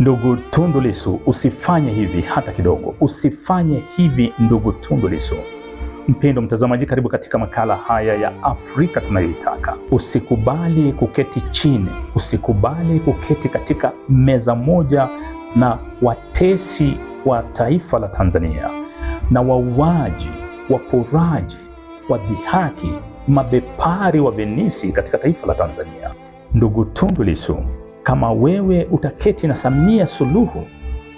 Ndugu Tundu Lissu, usifanye hivi hata kidogo, usifanye hivi ndugu Tundu Lissu. Mpendo mtazamaji, karibu katika makala haya ya Afrika Tunayoitaka. Usikubali kuketi chini, usikubali kuketi katika meza moja na watesi wa taifa la Tanzania na wauaji, wa wadhihaki, mabepari wa Venisi katika taifa la Tanzania. Ndugu Tundu Lissu kama wewe utaketi na Samia Suluhu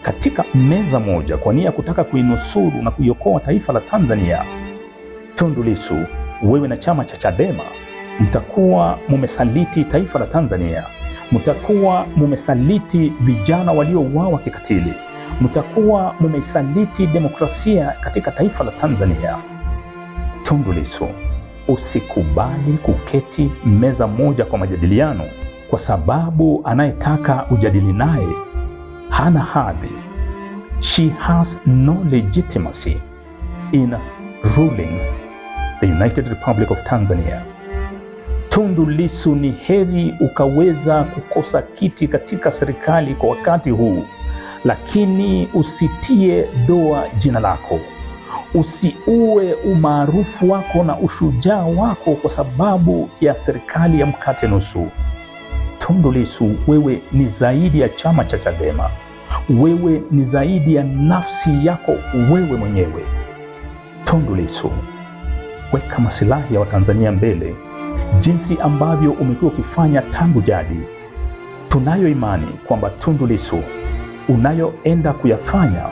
katika meza moja kwa nia ya kutaka kuinusuru na kuiokoa taifa la Tanzania, Tundu Lissu, wewe na chama cha Chadema mtakuwa mumesaliti taifa la Tanzania, mtakuwa mumesaliti vijana waliouawa kikatili, mtakuwa mumeisaliti demokrasia katika taifa la Tanzania. Tundu Lissu, usikubali kuketi meza moja kwa majadiliano kwa sababu anayetaka ujadili naye hana hadhi. She has no legitimacy in ruling the United Republic of Tanzania. Tundu Lissu, ni heri ukaweza kukosa kiti katika serikali kwa wakati huu, lakini usitie doa jina lako, usiue umaarufu wako na ushujaa wako kwa sababu ya serikali ya mkate nusu. Tundu Lissu, wewe ni zaidi ya chama cha Chadema, wewe ni zaidi ya nafsi yako wewe mwenyewe. Tundu Lissu, weka masilahi ya Watanzania mbele, jinsi ambavyo umekuwa ukifanya tangu jadi. Tunayo imani kwamba Tundu Lissu, unayoenda kuyafanya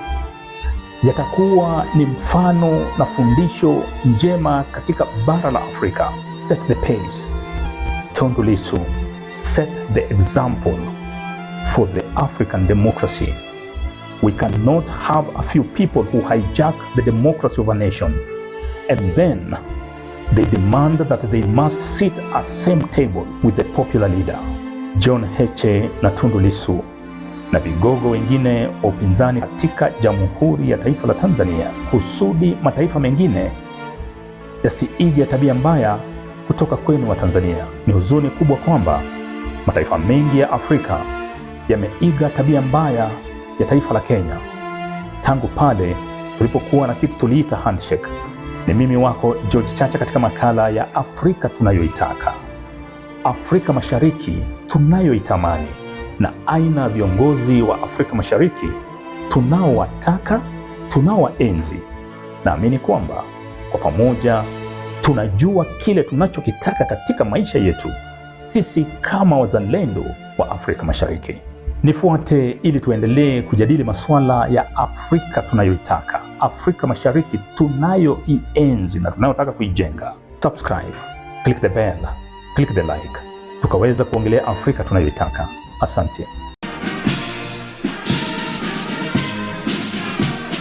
yatakuwa ni mfano na fundisho njema katika bara la Afrika. the pace. Tundu Lissu set the example for the African democracy. We cannot have a few people who hijack the democracy of a nation and then they demand that they must sit at same table with the popular leader. John Heche na Tundu Lissu na vigogo wengine wa upinzani katika Jamhuri ya Taifa la Tanzania kusudi mataifa mengine yasiige tabia mbaya kutoka kwenu wa Tanzania. Ni huzuni kubwa kwamba Mataifa mengi ya Afrika yameiga tabia mbaya ya taifa la Kenya tangu pale tulipokuwa na kitu tuliita handshake. Ni mimi wako George Chacha katika makala ya Afrika tunayoitaka, Afrika Mashariki tunayoitamani, na aina ya viongozi wa Afrika Mashariki tunaowataka, tunaowaenzi. Naamini kwamba kwa pamoja tunajua kile tunachokitaka katika maisha yetu sisi kama wazalendo wa Afrika Mashariki. Nifuate ili tuendelee kujadili masuala ya Afrika tunayoitaka, Afrika Mashariki tunayoienzi na tunayotaka kuijenga. Subscribe, click the bell, click the like, tukaweza kuongelea Afrika tunayoitaka. Asante.